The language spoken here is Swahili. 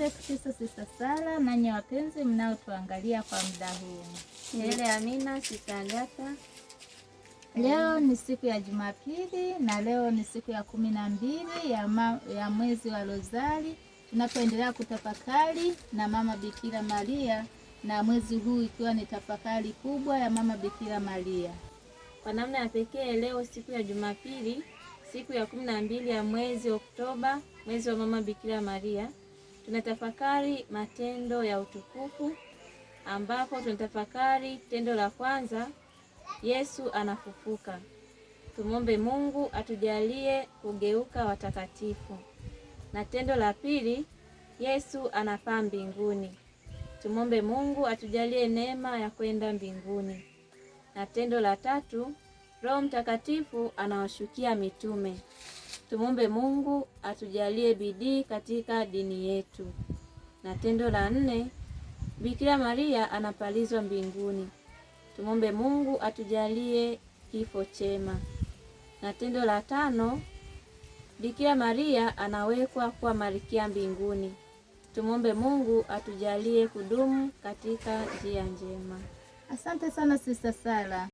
naitwa Kristo Sista Sara, nanyi wapenzi mnaotuangalia kwa muda huu. Nile Amina Sista Agata. Leo ni siku ya Jumapili na leo ni siku ya kumi na mbili ya, ya mwezi wa Rozari tunapoendelea kutafakari na Mama Bikira Maria na mwezi huu ikiwa ni tafakari kubwa ya Mama Bikira Maria. Kwa namna ya pekee leo siku ya Jumapili, siku ya kumi na mbili ya mwezi Oktoba, mwezi wa Mama Bikira Maria, tunatafakari matendo ya utukufu, ambapo tunatafakari tendo la kwanza, Yesu anafufuka. Tumwombe Mungu atujalie kugeuka watakatifu, na tendo la pili, Yesu anapaa mbinguni. Tumwombe Mungu atujalie neema ya kwenda mbinguni, na tendo la tatu, Roho Mtakatifu anawashukia mitume. Tumwombe Mungu atujalie bidii katika dini yetu. Na tendo la nne, Bikira Maria anapalizwa mbinguni. Tumwombe Mungu atujalie kifo chema. Na tendo la tano, Bikira Maria anawekwa kuwa malkia mbinguni. Tumwombe Mungu atujalie kudumu katika njia njema. Asante sana Sista Sara.